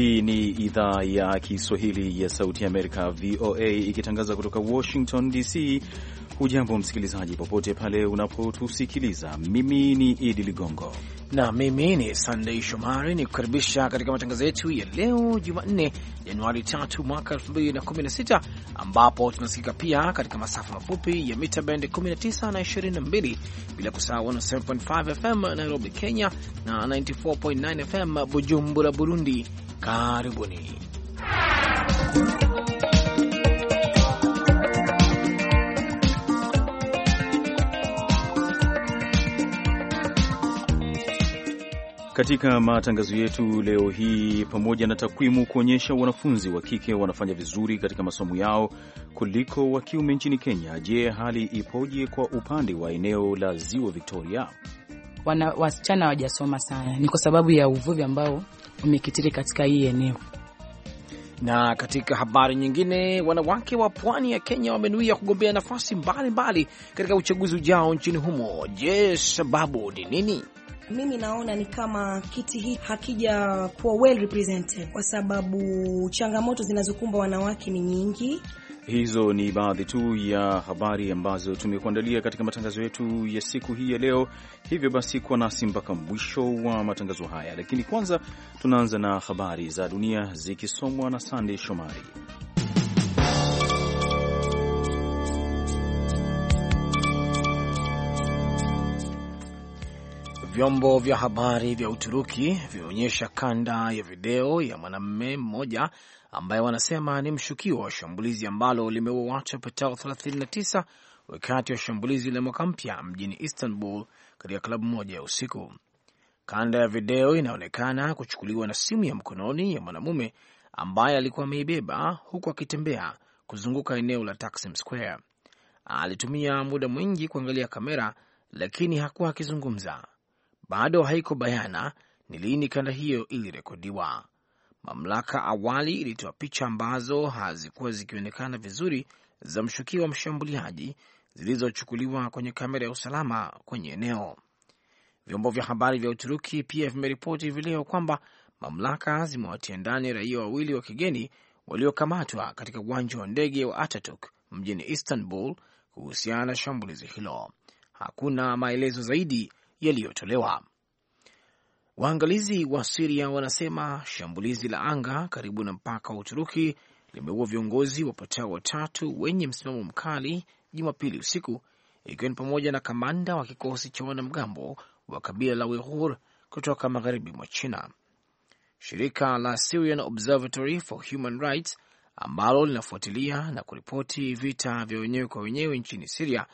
Hii ni idhaa ya Kiswahili ya Sauti ya Amerika, VOA, ikitangaza kutoka Washington DC. Hujambo msikilizaji, popote pale unapotusikiliza. Mimi ni Idi Ligongo na mimi ni Sandei Shomari ni kukaribisha katika matangazo yetu ya leo Jumanne, Januari 3 mwaka 2016, ambapo tunasikika pia katika masafa mafupi ya mita bendi 19 na 22, bila kusahau 107.5 FM Nairobi, Kenya na 94.9 FM Bujumbura, Burundi. Karibuni katika matangazo yetu leo hii, pamoja na takwimu kuonyesha wanafunzi wa kike wanafanya vizuri katika masomo yao kuliko wa kiume nchini Kenya. Je, hali ipoje kwa upande wa eneo la Ziwa Victoria? Wana, wasichana wajasoma sana, ni kwa sababu ya uvuvi ambao umekitiri katika hii eneo. Na katika habari nyingine, wanawake wa pwani ya Kenya wamenuia kugombea nafasi mbalimbali katika uchaguzi ujao nchini humo. Je, sababu ni nini? mimi naona ni kama kiti hii hakija kuwa well represented, kwa sababu changamoto zinazokumba wanawake ni nyingi. Hizo ni baadhi tu ya habari ambazo tumekuandalia katika matangazo yetu ya siku hii ya leo. Hivyo basi, kuwa nasi mpaka mwisho wa matangazo haya, lakini kwanza tunaanza na habari za dunia zikisomwa na Sandey Shomari. Vyombo vya habari vya Uturuki vimeonyesha kanda ya video ya mwanamume mmoja ambaye wanasema ni mshukiwa wa shambulizi ambalo limeua watu wapatao 39 wakati wa shambulizi la mwaka mpya mjini Istanbul katika klabu moja ya usiku. Kanda ya video inaonekana kuchukuliwa na simu ya mkononi ya mwanamume ambaye alikuwa ameibeba huku akitembea kuzunguka eneo la Taksim Square. Alitumia muda mwingi kuangalia kamera, lakini hakuwa akizungumza bado haiko bayana ni lini kanda hiyo ilirekodiwa. Mamlaka awali ilitoa picha ambazo hazikuwa zikionekana vizuri za mshukiwa mshambuliaji zilizochukuliwa kwenye kamera ya usalama kwenye eneo. Vyombo vya habari vya Uturuki pia vimeripoti hivi leo kwamba mamlaka zimewatia ndani raia wawili wa kigeni waliokamatwa katika uwanja wa ndege wa Ataturk mjini Istanbul kuhusiana na shambulizi hilo. Hakuna maelezo zaidi yaliyotolewa. Waangalizi wa Siria wanasema shambulizi la anga karibu na mpaka wa Uturuki limeua viongozi wapatao watatu wenye msimamo mkali Jumapili usiku, ikiwa ni pamoja na kamanda wa kikosi cha wanamgambo wa kabila la Uighur kutoka magharibi mwa China. Shirika la Syrian Observatory for Human Rights ambalo linafuatilia na kuripoti vita vya wenyewe kwa wenyewe nchini Siria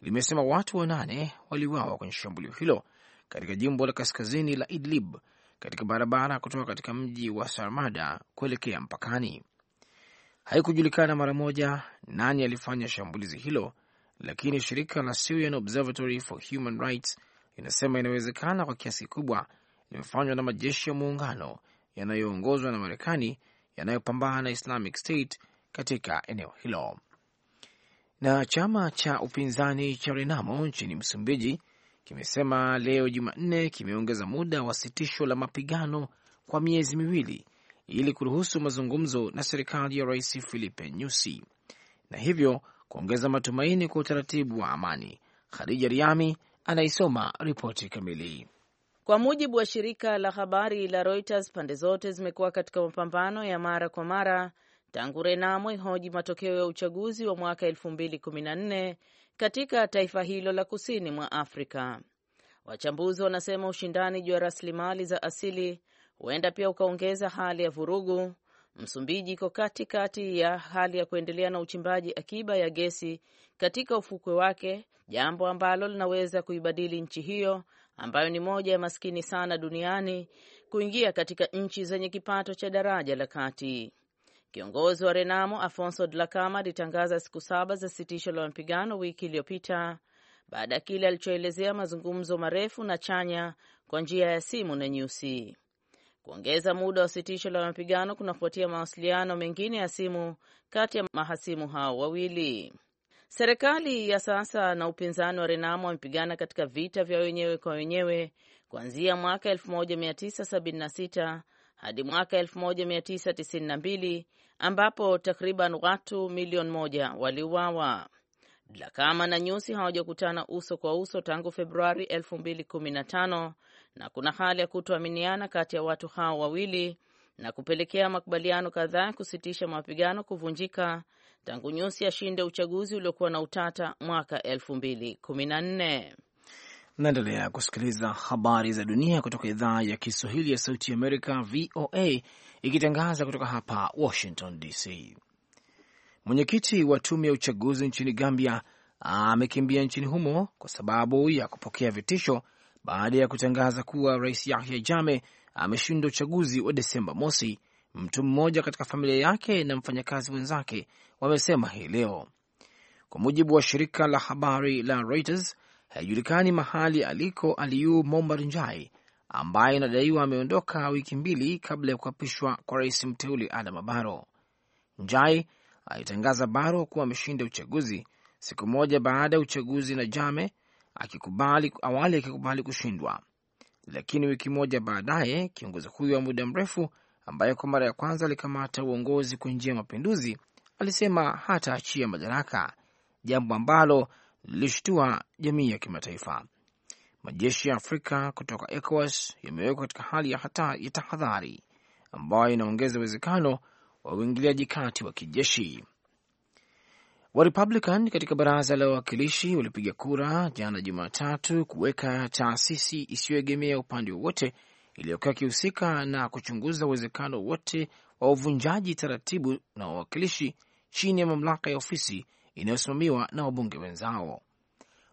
limesema watu wanane waliuawa kwenye shambulio hilo katika jimbo la kaskazini la Idlib katika barabara kutoka katika mji wa Sarmada kuelekea mpakani. Haikujulikana mara moja nani alifanya shambulizi hilo, lakini shirika la Syrian Observatory for Human Rights linasema inawezekana kwa kiasi kikubwa limefanywa na majeshi ya muungano yanayoongozwa na Marekani yanayopambana na Islamic State katika eneo hilo. Na chama cha upinzani cha Renamo nchini Msumbiji kimesema leo Jumanne kimeongeza muda wa sitisho la mapigano kwa miezi miwili ili kuruhusu mazungumzo na serikali ya Rais Filipe Nyusi na hivyo kuongeza matumaini kwa utaratibu wa amani. Khadija Riami anaisoma ripoti kamili. Kwa mujibu wa shirika la habari la Reuters, pande zote zimekuwa katika mapambano ya mara kwa mara tangu Renamo ihoji matokeo ya uchaguzi wa mwaka 2014 katika taifa hilo la kusini mwa Afrika. Wachambuzi wanasema ushindani juu ya rasilimali za asili huenda pia ukaongeza hali ya vurugu. Msumbiji iko katikati ya hali ya kuendelea na uchimbaji akiba ya gesi katika ufukwe wake, jambo ambalo linaweza kuibadili nchi hiyo ambayo ni moja ya maskini sana duniani kuingia katika nchi zenye kipato cha daraja la kati. Kiongozi wa Renamo Afonso Dlakama alitangaza siku saba za sitisho la mapigano wiki iliyopita baada ya kile alichoelezea mazungumzo marefu na chanya kwa njia ya simu na nyusi. Kuongeza muda wa sitisho la mapigano kunafuatia mawasiliano mengine ya simu kati ya mahasimu hao wawili. Serikali ya sasa na upinzani wa Renamo wamepigana katika vita vya wenyewe kwa wenyewe kuanzia mwaka 1976 hadi mwaka 1992 ambapo takriban watu milioni moja waliuawa. dlakama na Nyusi hawajakutana uso kwa uso tangu Februari 2015 na kuna hali ya kutoaminiana kati ya watu hao wawili na kupelekea makubaliano kadhaa ya kusitisha mapigano kuvunjika tangu Nyusi ashinde uchaguzi uliokuwa na utata mwaka 2014. Naendelea kusikiliza habari za dunia kutoka idhaa ya Kiswahili ya Sauti Amerika, VOA, ikitangaza kutoka hapa Washington DC. Mwenyekiti wa tume ya uchaguzi nchini Gambia amekimbia nchini humo kwa sababu ya kupokea vitisho baada ya kutangaza kuwa Rais Yahya jame ameshinda uchaguzi wa Desemba mosi. Mtu mmoja katika familia yake na mfanyakazi wenzake wamesema hii leo, kwa mujibu wa shirika la habari la Reuters. Haijulikani mahali aliko aliu Aliyu njai ambaye inadaiwa ameondoka wiki mbili kabla ya kuapishwa kwa rais mteule Adama Baro. Njai alitangaza Baro kuwa ameshinda uchaguzi siku moja baada ya uchaguzi na Jame akikubali, awali akikubali kushindwa, lakini wiki moja baadaye kiongozi huyo wa muda mrefu ambaye kwa mara ya kwanza alikamata uongozi kwa njia ya mapinduzi alisema hataachia madaraka, jambo ambalo lilishtua jamii ya kimataifa. Majeshi ya Afrika kutoka ECOWAS yamewekwa katika hali ya hata ya tahadhari ambayo inaongeza uwezekano wa uingiliaji kati wa kijeshi. Warepublican katika baraza la wawakilishi walipiga kura jana Jumatatu kuweka taasisi isiyoegemea upande wowote iliyokuwa ikihusika na kuchunguza uwezekano wote wa uvunjaji taratibu na wawakilishi chini ya mamlaka ya ofisi inayosimamiwa na wabunge wenzao.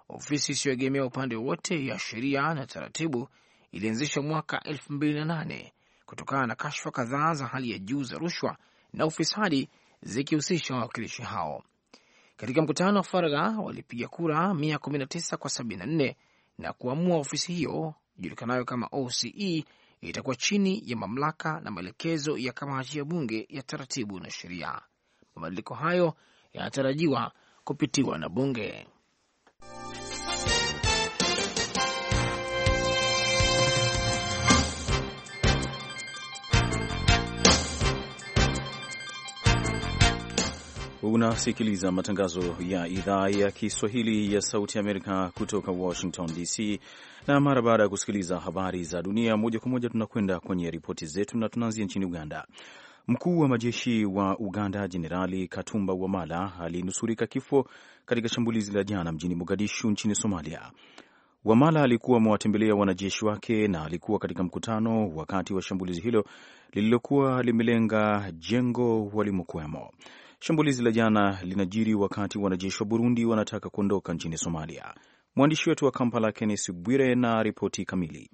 Ofisi isiyoegemea upande wowote ya sheria na taratibu ilianzishwa mwaka 2008 kutokana na kashfa kadhaa za hali ya juu za rushwa na ufisadi zikihusisha wawakilishi hao. Katika mkutano wa faragha walipiga kura 119 kwa 74 na kuamua ofisi hiyo ijulikanayo kama OCE itakuwa chini ya mamlaka na maelekezo ya kamati ya bunge ya taratibu na sheria. Mabadiliko hayo yanatarajiwa kupitiwa na bunge. Unasikiliza matangazo ya idhaa ya Kiswahili ya Sauti ya Amerika kutoka Washington DC, na mara baada ya kusikiliza habari za dunia moja kwa moja, tunakwenda kwenye ripoti zetu na tunaanzia nchini Uganda. Mkuu wa majeshi wa Uganda Jenerali Katumba Wamala alinusurika kifo katika shambulizi la jana mjini Mogadishu nchini Somalia. Wamala alikuwa amewatembelea wanajeshi wake na alikuwa katika mkutano wakati wa shambulizi hilo lililokuwa limelenga jengo walimokuwemo. Shambulizi la jana linajiri wakati wanajeshi wa Burundi wanataka kuondoka nchini Somalia. Mwandishi wetu wa Kampala kennes Bwire na ripoti kamili.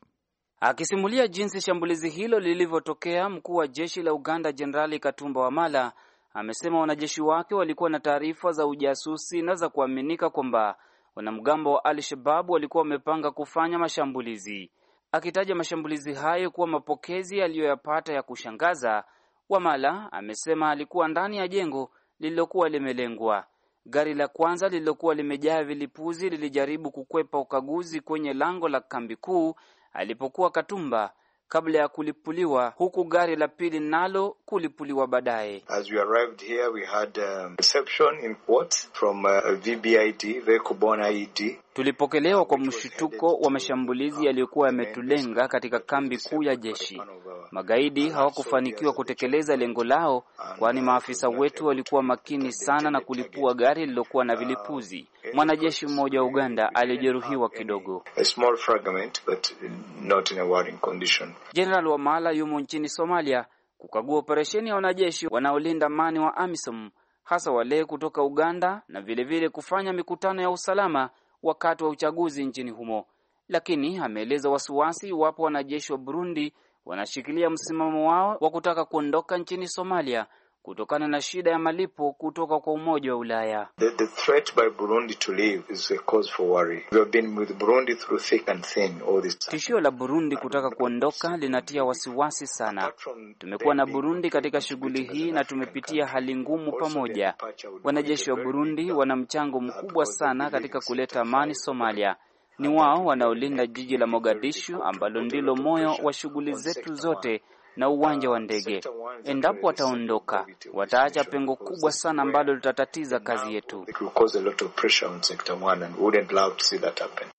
Akisimulia jinsi shambulizi hilo lilivyotokea, mkuu wa jeshi la Uganda Jenerali Katumba Wamala amesema wanajeshi wake walikuwa na taarifa za ujasusi na za kuaminika kwamba wanamgambo wa al Shababu walikuwa wamepanga kufanya mashambulizi. Akitaja mashambulizi hayo kuwa mapokezi aliyoyapata ya kushangaza, Wamala amesema alikuwa ndani ya jengo lililokuwa limelengwa. Gari la kwanza lililokuwa limejaa vilipuzi lilijaribu kukwepa ukaguzi kwenye lango la kambi kuu alipokuwa Katumba kabla ya kulipuliwa huku gari la pili nalo kulipuliwa baadaye. As we arrived here we had a um, reception in port from uh, VBID, Veco Born IED Tulipokelewa kwa mshutuko wa mashambulizi yaliyokuwa yametulenga katika kambi kuu ya jeshi. Magaidi hawakufanikiwa kutekeleza lengo lao, kwani maafisa wetu walikuwa makini sana na kulipua gari lililokuwa na vilipuzi. Mwanajeshi mmoja wa Uganda alijeruhiwa kidogo. Jenerali Wamala yumo nchini Somalia kukagua operesheni ya wanajeshi wanaolinda amani wa AMISOM, hasa wale kutoka Uganda na vilevile vile kufanya mikutano ya usalama wakati wa uchaguzi nchini humo, lakini ameeleza wasiwasi iwapo wanajeshi wa Burundi wanashikilia msimamo wao wa kutaka kuondoka nchini Somalia kutokana na shida ya malipo kutoka kwa Umoja wa Ulaya. Tishio la Burundi kutaka kuondoka linatia wasiwasi sana. Tumekuwa na Burundi katika shughuli hii na tumepitia hali ngumu pamoja. Wanajeshi wa Burundi wana mchango uh, mkubwa sana katika kuleta amani Somalia. Uh, Ni wao wanaolinda jiji la Mogadishu ambalo ndilo moyo wa shughuli zetu zote na uwanja wa ndege. Endapo wataondoka, wataacha pengo kubwa sana ambalo litatatiza kazi yetu.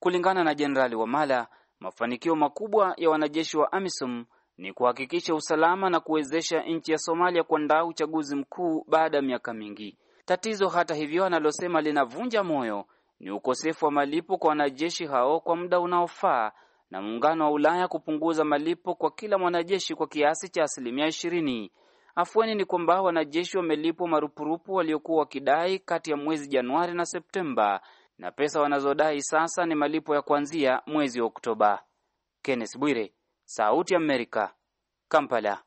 Kulingana na Jenerali Wamala, mafanikio makubwa ya wanajeshi wa AMISOM ni kuhakikisha usalama na kuwezesha nchi ya Somalia kuandaa uchaguzi mkuu baada ya miaka mingi. Tatizo hata hivyo, analosema linavunja moyo ni ukosefu wa malipo kwa wanajeshi hao kwa muda unaofaa na muungano wa Ulaya kupunguza malipo kwa kila mwanajeshi kwa kiasi cha asilimia ishirini. Afueni ni kwamba wanajeshi wamelipwa marupurupu waliokuwa wakidai kati ya mwezi Januari na Septemba, na pesa wanazodai sasa ni malipo ya kuanzia mwezi Oktoba. Kenneth Bwire, Sauti Amerika, Kampala.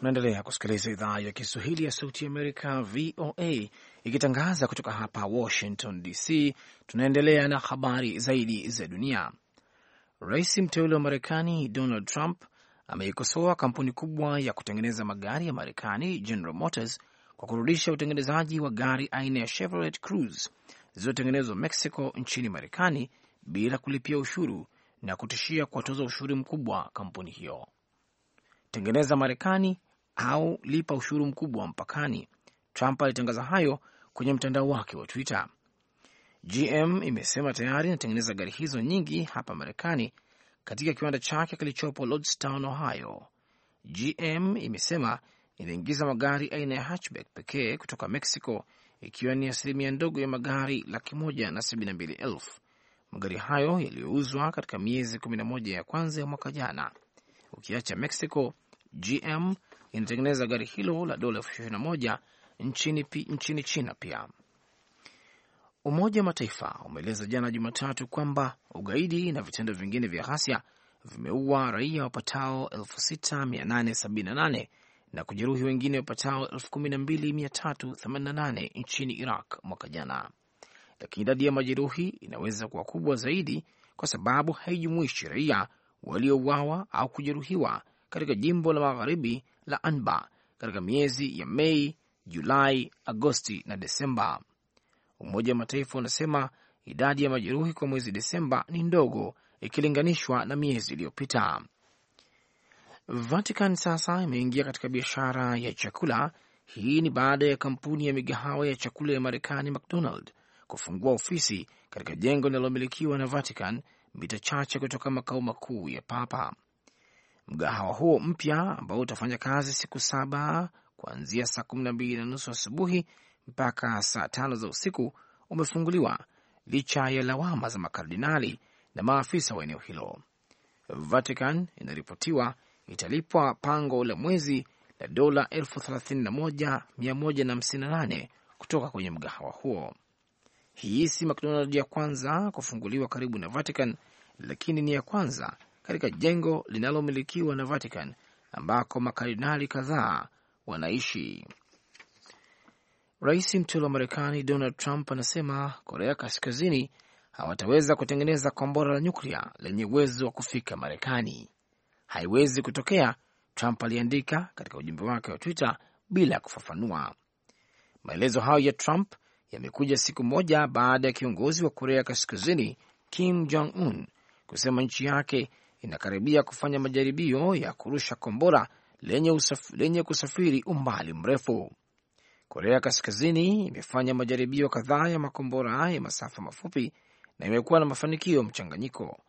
Unaendelea kusikiliza idhaa ya Kiswahili ya Sauti Amerika, VOA ikitangaza kutoka hapa Washington DC. Tunaendelea na habari zaidi za dunia. Rais mteule wa Marekani Donald Trump ameikosoa kampuni kubwa ya kutengeneza magari ya Marekani General Motors kwa kurudisha utengenezaji wa gari aina ya Chevrolet Cruze zilizotengenezwa Mexico nchini Marekani bila kulipia ushuru na kutishia kuwatoza ushuru mkubwa kampuni hiyo. Tengeneza Marekani au lipa ushuru mkubwa mpakani. Trump alitangaza hayo kwenye mtandao wake wa Twitter. GM imesema tayari inatengeneza gari hizo nyingi hapa Marekani katika kiwanda chake kilichopo Lordstown, Ohio. GM imesema inaingiza magari aina ya hatchback pekee kutoka Mexico, ikiwa ni asilimia ndogo ya magari laki moja na sabini na mbili elfu. Magari hayo yaliyouzwa katika miezi 11 ya kwanza ya mwaka jana. Ukiacha Mexico, GM inatengeneza gari hilo la dola elfu ishirini na moja nchini, nchini China pia. Umoja wa Mataifa umeeleza jana Jumatatu kwamba ugaidi na vitendo vingine vya ghasia vimeua raia wapatao 6878 na kujeruhi wengine wapatao 12388 nchini Iraq mwaka jana, lakini idadi ya majeruhi inaweza kuwa kubwa zaidi kwa sababu haijumuishi raia waliouawa au kujeruhiwa katika jimbo la magharibi la Anbar katika miezi ya Mei Julai, Agosti na Desemba. Umoja wa Mataifa unasema idadi ya majeruhi kwa mwezi Desemba ni ndogo ikilinganishwa na miezi iliyopita. Vatican sasa imeingia katika biashara ya chakula. Hii ni baada ya kampuni ya migahawa ya chakula ya Marekani McDonald kufungua ofisi katika jengo linalomilikiwa na Vatican mita chache kutoka makao makuu ya Papa. Mgahawa huo mpya ambao utafanya kazi siku saba kuanzia saa kumi na mbili na nusu asubuhi mpaka saa tano za usiku umefunguliwa licha ya lawama za makardinali na maafisa wa eneo hilo. Vatican inaripotiwa italipwa pango la mwezi la dola elfu thelathini na moja mia moja na hamsini na nane kutoka kwenye mgahawa huo. Hii si McDonald ya kwanza kufunguliwa karibu na Vatican, lakini ni ya kwanza katika jengo linalomilikiwa na Vatican ambako makardinali kadhaa wanaishi. Rais mteule wa Marekani Donald Trump anasema Korea Kaskazini hawataweza kutengeneza kombora la nyuklia lenye uwezo wa kufika Marekani. Haiwezi kutokea, Trump aliandika katika ujumbe wake wa Twitter bila kufafanua. Maelezo hayo ya Trump yamekuja siku moja baada ya kiongozi wa Korea Kaskazini Kim Jong Un kusema nchi yake inakaribia kufanya majaribio ya kurusha kombora lenye, usaf, lenye kusafiri umbali mrefu. Korea Kaskazini imefanya majaribio kadhaa ya makombora ya masafa mafupi na imekuwa na mafanikio mchanganyiko.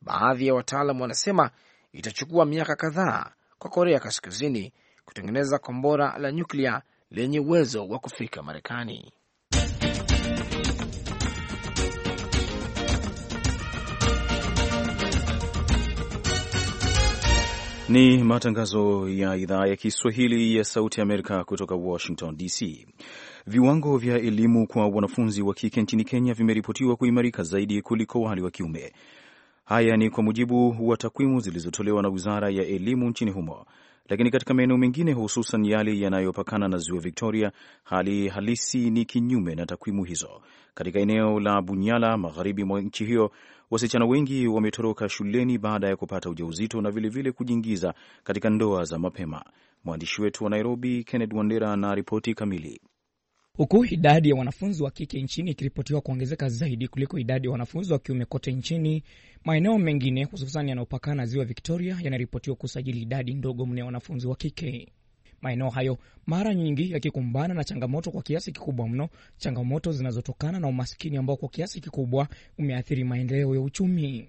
Baadhi ya wataalam wanasema itachukua miaka kadhaa kwa Korea Kaskazini kutengeneza kombora la nyuklia lenye uwezo wa kufika Marekani. Ni matangazo ya idhaa ya Kiswahili ya Sauti Amerika kutoka Washington DC. Viwango vya elimu kwa wanafunzi wa kike nchini Kenya vimeripotiwa kuimarika zaidi kuliko wale wa kiume. Haya ni kwa mujibu wa takwimu zilizotolewa na Wizara ya Elimu nchini humo. Lakini katika maeneo mengine, hususan yale yanayopakana na ziwa Victoria, hali halisi ni kinyume na takwimu hizo. Katika eneo la Bunyala, magharibi mwa nchi hiyo, wasichana wengi wametoroka shuleni baada ya kupata ujauzito na vilevile kujiingiza katika ndoa za mapema. Mwandishi wetu wa Nairobi, Kenneth Wandera, na ripoti kamili huku idadi ya wanafunzi wa kike nchini ikiripotiwa kuongezeka zaidi kuliko idadi ya wanafunzi wa kiume kote nchini. Maeneo mengine hususan yanayopakana na ziwa Victoria yanaripotiwa kusajili idadi ndogo mno ya wanafunzi wa kike. Maeneo hayo mara nyingi yakikumbana na changamoto kwa kiasi kikubwa mno, changamoto zinazotokana na umaskini ambao kwa kiasi kikubwa umeathiri maendeleo ya uchumi.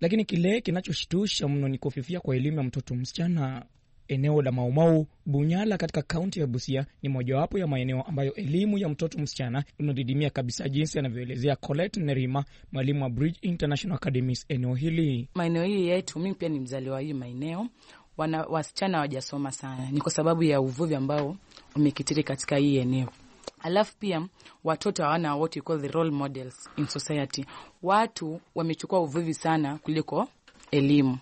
Lakini kile kinachoshtusha mno ni kufifia kwa elimu ya mtoto msichana. Eneo la Maumau Bunyala katika kaunti ya Busia ni mojawapo ya maeneo ambayo elimu ya mtoto msichana inadidimia kabisa, jinsi anavyoelezea Colette Nerima, mwalimu wa Bridge International Academies eneo hili. Maeneo hii yetu, mimi pia ni mzaliwa hii maeneo, wana wasichana hawajasoma sana, ni kwa sababu ya uvuvi ambao umekitiri katika hii eneo. Alafu pia watoto hawana what you call the role models in society. Watu wamechukua uvuvi sana kuliko elimu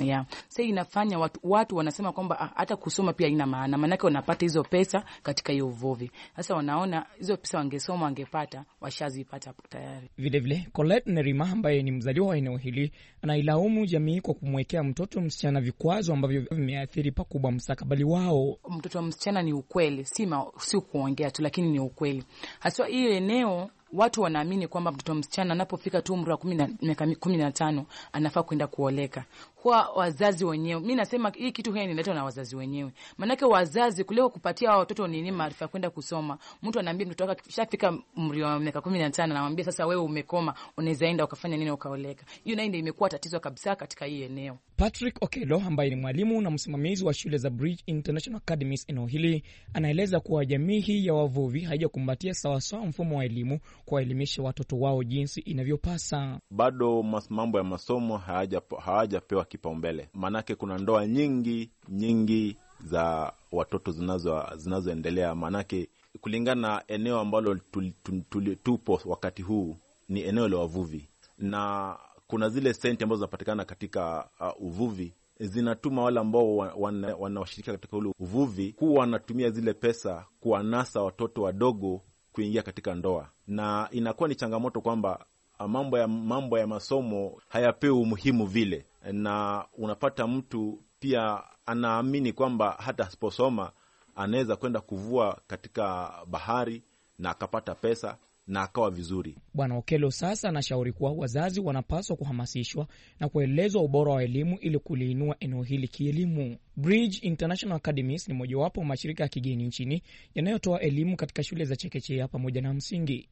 yeah. Sasa inafanya watu, watu wanasema kwamba ah, hata kusoma pia ina maana, maanake wanapata hizo pesa katika hiyo uvuvi. Sasa wanaona hizo pesa wangesoma wangepata, washazipata hapo tayari. Vilevile Colette Nerima ambaye ni mzaliwa wa eneo hili anailaumu jamii kwa kumwekea mtoto msichana vikwazo ambavyo vimeathiri pakubwa mstakabali wao. Mtoto wa msichana ni ukweli, si, ma, si kuongea tu, lakini ni ukweli haswa hiyo eneo watu wanaamini kwamba mtoto msichana anapofika tu umri wa miaka kumi na tano anafaa kuenda kuoleka kwa wazazi wenyewe. Mi nasema hii kitu hii inaletwa na wazazi wenyewe, maanake wazazi kuliko kupatia watoto nini maarifa ya kwenda kusoma. Mtu anaambia mtoto wake kishafika umri wa miaka kumi na tano, namwambia sasa, wewe umekoma, unaweza enda ukafanya nini, ukaoleka. Hiyo nayo ndio imekuwa tatizo kabisa katika hii eneo. Patrick Okelo ambaye ni mwalimu na msimamizi wa shule za Bridge International Academies eneo hili anaeleza kuwa jamii hii ya wavuvi haijakumbatia sawasawa mfumo wa elimu kuwaelimisha watoto wao jinsi inavyopasa. Bado mambo ya masomo hawajapewa kipaumbele, maanake kuna ndoa nyingi nyingi za watoto zinazo zinazoendelea, maanake kulingana na eneo ambalo tul, tul, tul, tupo wakati huu ni eneo la wavuvi, na kuna zile senti ambazo zinapatikana katika uh, uvuvi zinatuma wale ambao wanaoshirika wana katika ule uvuvi huwa wanatumia zile pesa kuwanasa watoto wadogo kuingia katika ndoa, na inakuwa ni changamoto kwamba uh, mambo ya mambo ya masomo hayapewi umuhimu vile na unapata mtu pia anaamini kwamba hata asiposoma anaweza kwenda kuvua katika bahari na akapata pesa na akawa vizuri. Bwana Okelo sasa anashauri kuwa wazazi wanapaswa kuhamasishwa na kuelezwa ubora wa elimu ili kuliinua eneo hili kielimu. Bridge International Academies ni mojawapo wa mashirika ya kigeni nchini yanayotoa elimu katika shule za chekechea pamoja na msingi.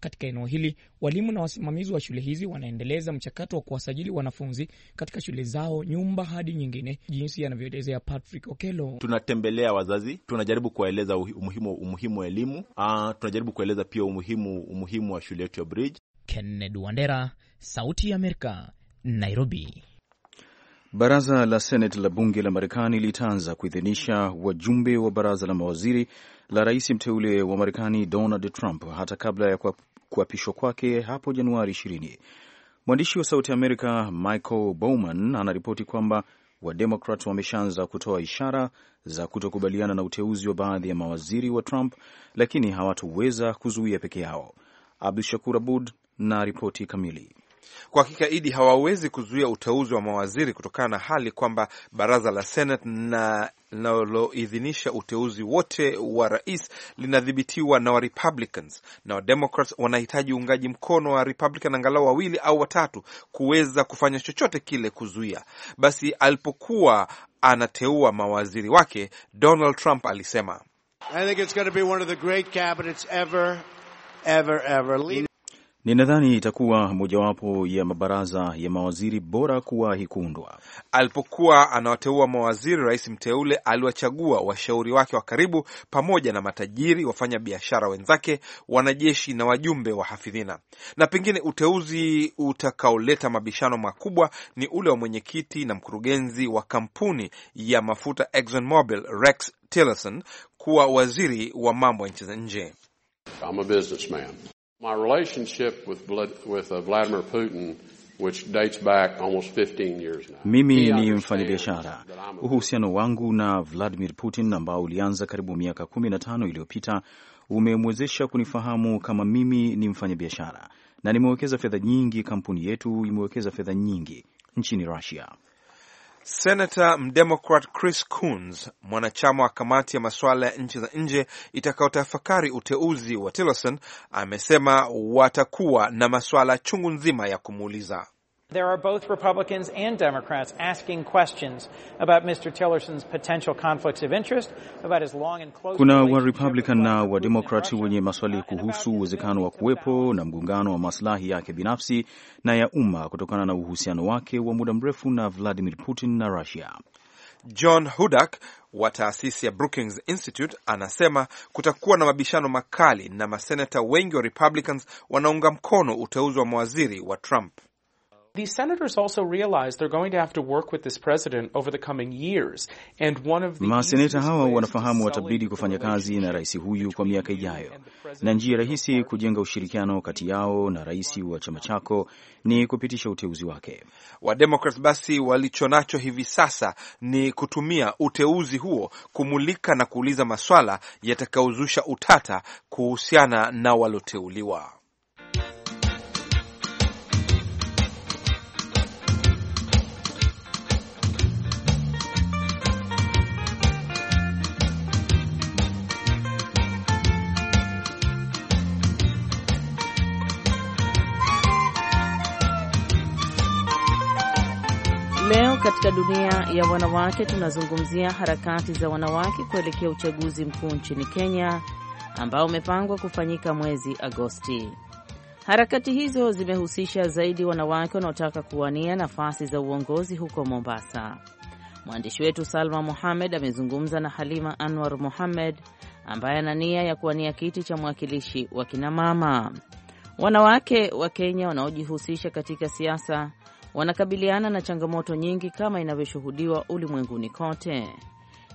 Katika eneo hili, walimu na wasimamizi wa shule hizi wanaendeleza mchakato wa kuwasajili wanafunzi katika shule zao, nyumba hadi nyingine, jinsi yanavyoelezea Patrick Okelo. Tunatembelea wazazi, tunajaribu kuwaeleza umuhimu umuhimu wa elimu. Ah, tunajaribu kueleza pia umuhimu umuhimu wa shule yetu ya Bridge. Kennedy Wandera, Sauti ya Amerika, Nairobi. Baraza la Seneti la bunge la Marekani litaanza kuidhinisha wajumbe wa baraza la mawaziri la rais mteule wa Marekani Donald Trump hata kabla ya kuapishwa kwake hapo Januari 20. Mwandishi wa Sauti Amerika Michael Bowman anaripoti kwamba Wademokrat wameshaanza kutoa ishara za kutokubaliana na uteuzi wa baadhi ya mawaziri wa Trump, lakini hawatoweza kuzuia peke yao. Abdu Shakur Abud na ripoti kamili. Kwa hakika idi hawawezi kuzuia uteuzi wa mawaziri kutokana na hali kwamba baraza la Senate na linaloidhinisha uteuzi wote wa rais linadhibitiwa na Warepublicans na Wademocrats wanahitaji uungaji mkono wa Republican angalau wawili au watatu kuweza kufanya chochote kile kuzuia. Basi alipokuwa anateua mawaziri wake, Donald Trump alisema I think it's ever, ever, ever. Ninadhani itakuwa mojawapo ya mabaraza ya mawaziri bora kuwahi kuundwa. Alipokuwa anawateua mawaziri, rais mteule aliwachagua washauri wake wa karibu, pamoja na matajiri, wafanya biashara wenzake, wanajeshi na wajumbe wa hafidhina. Na pengine uteuzi utakaoleta mabishano makubwa ni ule wa mwenyekiti na mkurugenzi wa kampuni ya mafuta Exxon Mobil, Rex Tillerson, kuwa waziri wa mambo ya nchi za nje. I'm a businessman. My relationship with, with uh, Vladimir Putin which dates back almost 15 years now. Mimi ni mfanyabiashara. Uhusiano wangu na Vladimir Putin ambao ulianza karibu miaka 15 iliyopita umemwezesha kunifahamu kama mimi ni mfanyabiashara, na nimewekeza fedha nyingi, kampuni yetu imewekeza fedha nyingi nchini Russia. Senata mdemokrat Chris Coons, mwanachama wa kamati ya masuala ya nchi za nje itakayotafakari uteuzi wa Tillerson, amesema watakuwa na masuala chungu nzima ya kumuuliza. There are both Republicans and Democrats asking questions about Mr. Tillerson's potential conflicts of interest, about his long and close Kuna wa Republican na wa Democrat wenye maswali kuhusu uwezekano wa kuwepo na mgongano wa maslahi yake binafsi na ya umma kutokana na uhusiano wake wa muda mrefu na Vladimir Putin na Russia. John Hudak wa taasisi ya Brookings Institute anasema kutakuwa na mabishano makali na maseneta wengi wa Republicans wanaunga mkono uteuzi wa mawaziri wa Trump. These senators also realize they're going to have to work with this president over the coming years. And one of the maseneta hawa wanafahamu watabidi kufanya kazi na rais huyu kwa miaka ijayo, na njia rahisi kujenga ushirikiano kati yao na rais wa chama chako ni kupitisha uteuzi wake. Wademokrat basi walichonacho hivi sasa ni kutumia uteuzi huo kumulika na kuuliza maswala yatakaozusha utata kuhusiana na waloteuliwa. katika dunia ya wanawake tunazungumzia harakati za wanawake kuelekea uchaguzi mkuu nchini Kenya ambao umepangwa kufanyika mwezi Agosti. Harakati hizo zimehusisha zaidi wanawake wanaotaka kuwania nafasi za uongozi huko Mombasa. Mwandishi wetu Salma Mohamed amezungumza na Halima Anwar Mohamed ambaye ana nia ya kuwania kiti cha mwakilishi wa kinamama. Wanawake wa Kenya wanaojihusisha katika siasa wanakabiliana na changamoto nyingi kama inavyoshuhudiwa ulimwenguni kote.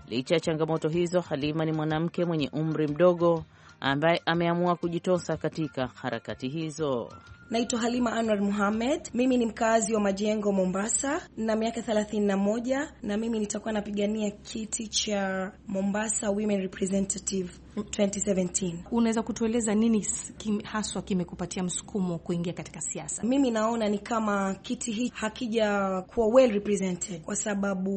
Licha ya changamoto hizo, Halima ni mwanamke mwenye umri mdogo ambaye ameamua kujitosa katika harakati hizo. Naitwa Halima Anwar Muhamed. Mimi ni mkazi wa Majengo, Mombasa na miaka 31 na mimi nitakuwa napigania kiti cha Mombasa Women Representative 2017. Unaweza kutueleza nini kim, haswa kimekupatia msukumo kuingia katika siasa? Mimi naona ni kama kiti hiki hakija kuwa well represented, kwa sababu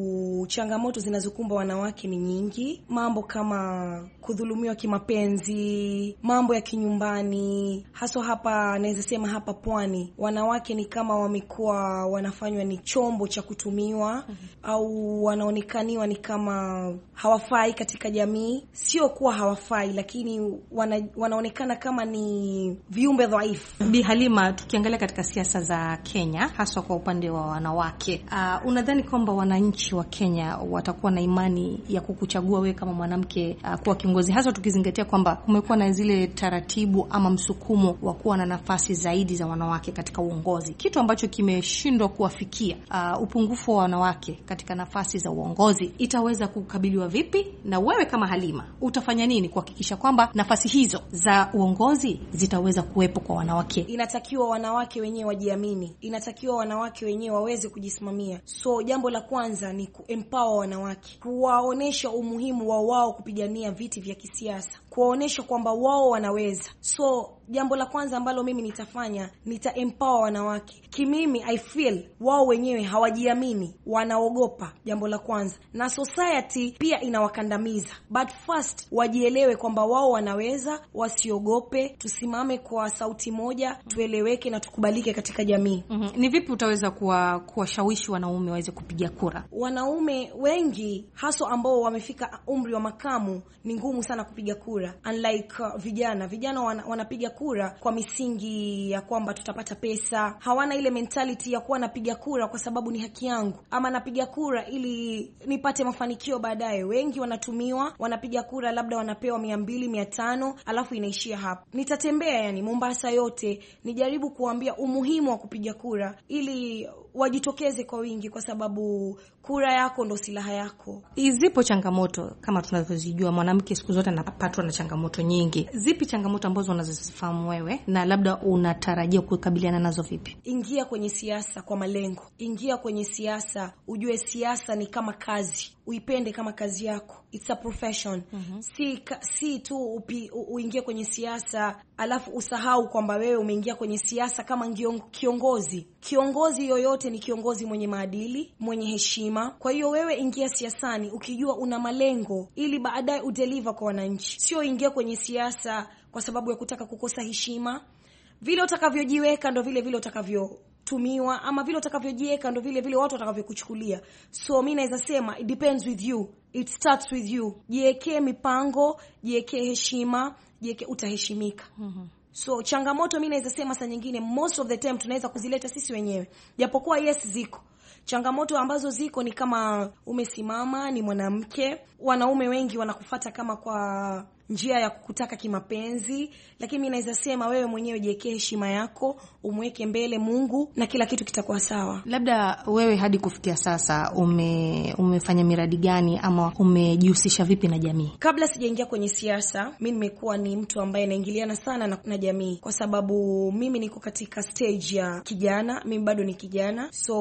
changamoto zinazokumba wanawake ni nyingi, mambo kama kudhulumiwa kimapenzi, mambo ya kinyumbani, haswa hapa naweza sema hapa pwani wanawake ni kama wamekuwa wanafanywa ni chombo cha kutumiwa, mm -hmm. au wanaonekaniwa ni kama hawafai katika jamii. Sio kuwa hawafai, lakini wana, wanaonekana kama ni viumbe dhaifu. Bi Halima, tukiangalia katika siasa za Kenya haswa kwa upande wa wanawake, uh, unadhani kwamba wananchi wa Kenya watakuwa na imani ya kukuchagua wewe kama mwanamke uh, kuwa kiongozi, hasa tukizingatia kwamba kumekuwa na zile taratibu ama msukumo wa kuwa na nafasi zaidi za wanawake katika uongozi, kitu ambacho kimeshindwa kuwafikia uh, upungufu wa wanawake katika nafasi za uongozi itaweza kukabiliwa zinakabiliwa vipi, na wewe kama Halima utafanya nini kuhakikisha kwamba nafasi hizo za uongozi zitaweza kuwepo kwa wanawake? Inatakiwa wanawake wenyewe wajiamini, inatakiwa wanawake wenyewe waweze kujisimamia. So jambo la kwanza ni kuempower wanawake, kuwaonesha umuhimu wa wao kupigania viti vya kisiasa kuwaonyesha kwamba wao wanaweza. So jambo la kwanza ambalo mimi nitafanya nita empower wanawake. Kimimi I feel wao wenyewe hawajiamini, wanaogopa, jambo la kwanza, na society pia inawakandamiza, but first wajielewe kwamba wao wanaweza, wasiogope. Tusimame kwa sauti moja, tueleweke na tukubalike katika jamii. mm -hmm. Ni vipi utaweza kuwashawishi kuwa wanaume waweze kupiga kura? Wanaume wengi haswa ambao wamefika umri wa makamu, ni ngumu sana kupiga kura kura unlike uh, vijana vijana wana, wanapiga kura kwa misingi ya kwamba tutapata pesa. Hawana ile mentality ya kuwa napiga kura kwa sababu ni haki yangu, ama napiga kura ili nipate mafanikio baadaye. Wengi wanatumiwa, wanapiga kura labda wanapewa mia mbili mia tano alafu inaishia hapo. Nitatembea yani Mombasa yote nijaribu kuambia umuhimu wa kupiga kura ili wajitokeze kwa wingi, kwa sababu kura yako ndo silaha yako. Zipo changamoto kama tunavyozijua, mwanamke siku zote anapatwa na changamoto nyingi. Zipi changamoto ambazo unazozifahamu wewe na labda unatarajia kukabiliana nazo vipi? Ingia kwenye siasa kwa malengo, ingia kwenye siasa, ujue siasa ni kama kazi uipende kama kazi yako, it's a profession. mm -hmm. Si, ka, si tu upi, u, uingie kwenye siasa alafu usahau kwamba wewe umeingia kwenye siasa kama ngion, kiongozi. Kiongozi yoyote ni kiongozi mwenye maadili, mwenye heshima. Kwa hiyo wewe ingia siasani ukijua una malengo, ili baadaye udeliva kwa wananchi, sio ingia kwenye siasa kwa sababu ya kutaka kukosa heshima. Vile utakavyojiweka ndo vile vile utakavyo kutumiwa ama vile utakavyojiweka ndo vile vile watu watakavyokuchukulia. So mimi naweza sema it depends with you, it starts with you. Jiwekee mipango, jiwekee heshima, jiwekee utaheshimika. mm -hmm. So changamoto mimi naweza sema saa nyingine, most of the time tunaweza kuzileta sisi wenyewe, japokuwa yes ziko changamoto ambazo ziko ni kama umesimama, ni mwanamke, wanaume wengi wanakufata kama kwa njia ya kukutaka kimapenzi, lakini mimi naweza sema wewe mwenyewe jiwekee heshima yako, umweke mbele Mungu na kila kitu kitakuwa sawa. Labda wewe hadi kufikia sasa ume, umefanya miradi gani ama umejihusisha vipi na jamii? Kabla sijaingia kwenye siasa, mi nimekuwa ni mtu ambaye naingiliana sana na, na jamii kwa sababu mimi niko katika stage ya kijana, mimi bado ni kijana, so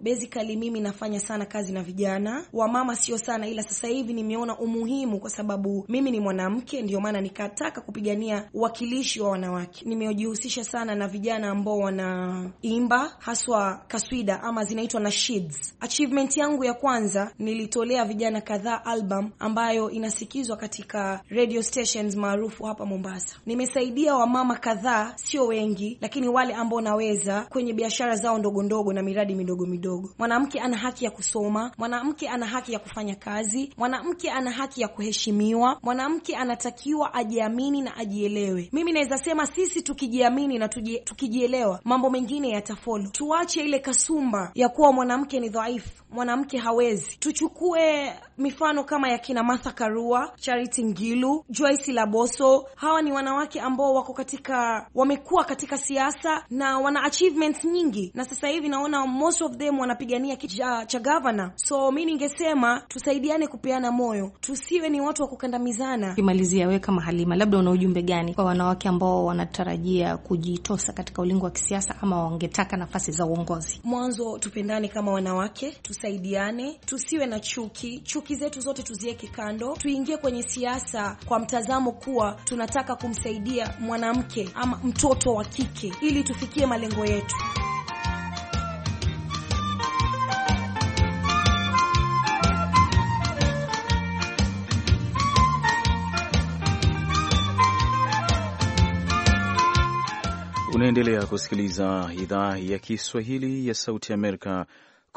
basically mimi nafanya sana kazi na vijana. Wamama sio sana, ila sasa hivi nimeona umuhimu kwa sababu mimi ni mwanamke mwanamke, ndio maana nikataka kupigania uwakilishi wa wanawake. Nimejihusisha sana na vijana ambao wanaimba haswa kaswida ama zinaitwa nasheeds. Achievement yangu ya kwanza nilitolea vijana kadhaa album ambayo inasikizwa katika radio stations maarufu hapa Mombasa. Nimesaidia wamama kadhaa, sio wengi, lakini wale ambao naweza kwenye biashara zao ndogo ndogo na miradi midogo midogo. Mwanamke ana haki ya kusoma, mwanamke ana haki ya kufanya kazi, mwanamke ana haki ya kuheshimiwa, mwanamke ana anatakiwa ajiamini na ajielewe. Mimi naweza sema sisi tukijiamini na tujie, tukijielewa mambo mengine yatafolo. Tuache ile kasumba ya kuwa mwanamke ni dhaifu, mwanamke hawezi. Tuchukue mifano kama ya kina Martha Karua, Charity Ngilu, Joyce Laboso. Hawa ni wanawake ambao wako katika, wamekuwa katika siasa na wana achievements nyingi, na sasa hivi naona most of them wanapigania kiti cha gavana. So mi ningesema tusaidiane kupeana moyo, tusiwe ni watu wa kukandamizana. Kimalizia wewe kama Halima, labda una ujumbe gani kwa wanawake ambao wanatarajia kujitosa katika ulingo wa kisiasa ama wangetaka nafasi za uongozi? Mwanzo tupendane kama wanawake, tusaidiane, tusiwe na chuki chuki chuki zetu zote tuziweke kando, tuingie kwenye siasa kwa mtazamo kuwa tunataka kumsaidia mwanamke ama mtoto wa kike ili tufikie malengo yetu. Unaendelea kusikiliza idhaa ya Kiswahili ya Sauti Amerika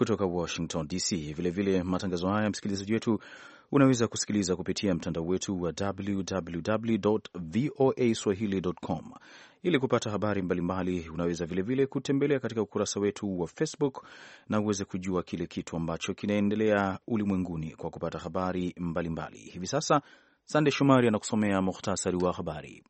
kutoka Washington DC. Vilevile matangazo haya, msikilizaji wetu, unaweza kusikiliza kupitia mtandao wetu wa www voa swahili.com. Ili kupata habari mbalimbali, unaweza vilevile kutembelea katika ukurasa wetu wa Facebook na uweze kujua kile kitu ambacho kinaendelea ulimwenguni kwa kupata habari mbalimbali. Hivi sasa, Sande Shomari anakusomea muhtasari wa habari.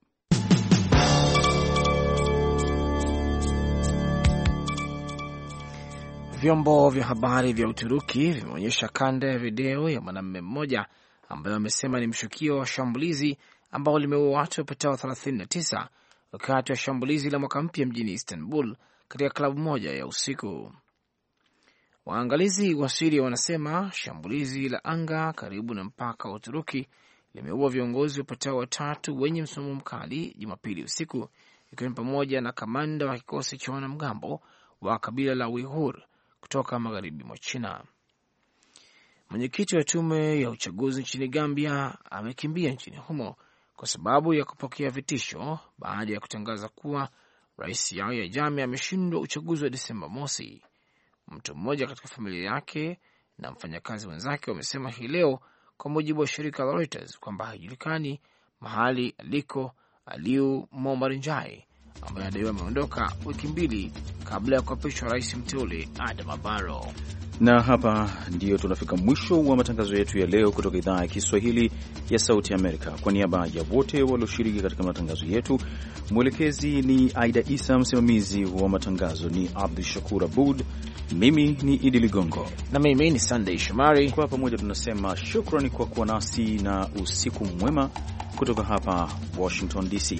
Vyombo vya habari vya Uturuki vimeonyesha kanda ya video ya mwanamume mmoja ambaye wamesema ni mshukio wa shambulizi ambao limeua watu wapatao 39 wakati wa shambulizi la mwaka mpya mjini Istanbul katika klabu moja ya usiku. Waangalizi wa Siria wanasema shambulizi la anga karibu na mpaka wa Uturuki limeua viongozi wapatao watatu wenye msimamo mkali Jumapili usiku, ikiwa ni pamoja na kamanda wa kikosi cha wanamgambo wa kabila la Uighur kutoka magharibi mwa China. Mwenyekiti wa tume ya uchaguzi nchini Gambia amekimbia nchini humo kwa sababu ya kupokea vitisho baada ya kutangaza kuwa rais Yahya Jammeh ameshindwa uchaguzi wa Desemba mosi. Mtu mmoja katika familia yake na mfanyakazi wenzake wamesema hii leo, kwa mujibu wa shirika la Reuters, kwamba haijulikani mahali aliko Aliu Momarinjai ambaye adaiwa ameondoka wiki mbili kabla ya kuapishwa rais mteule Adama Barrow. Na hapa ndiyo tunafika mwisho wa matangazo yetu ya leo kutoka idhaa ya Kiswahili ya Sauti Amerika. Kwa niaba ya wote walioshiriki katika matangazo yetu, mwelekezi ni Aida Isa, msimamizi wa matangazo ni Abdu Shakur Abud, mimi ni Idi Ligongo na mimi ni Sandey Shomari. Kwa pamoja tunasema shukrani kwa kuwa nasi na usiku mwema kutoka hapa Washington DC.